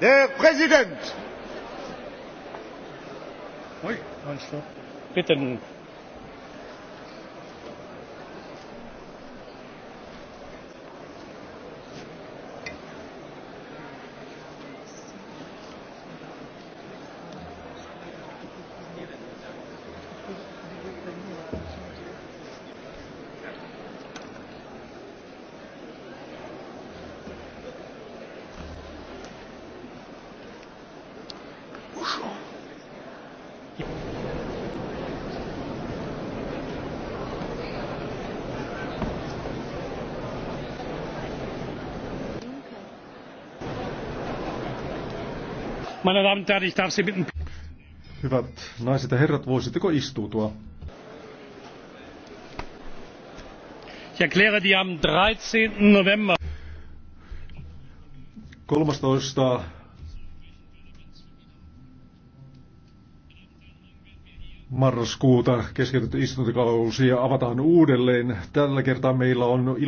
Der Präsident! Bitte. dušu. Meine Damen und Herren, ich darf Sie bitten. Hyvät naiset ja herrat, voisitteko istuutua? Ich erkläre die am 13. November 13. marraskuuta keskeytetty istuntokausi ja avataan uudelleen. Tällä kertaa meillä on ilo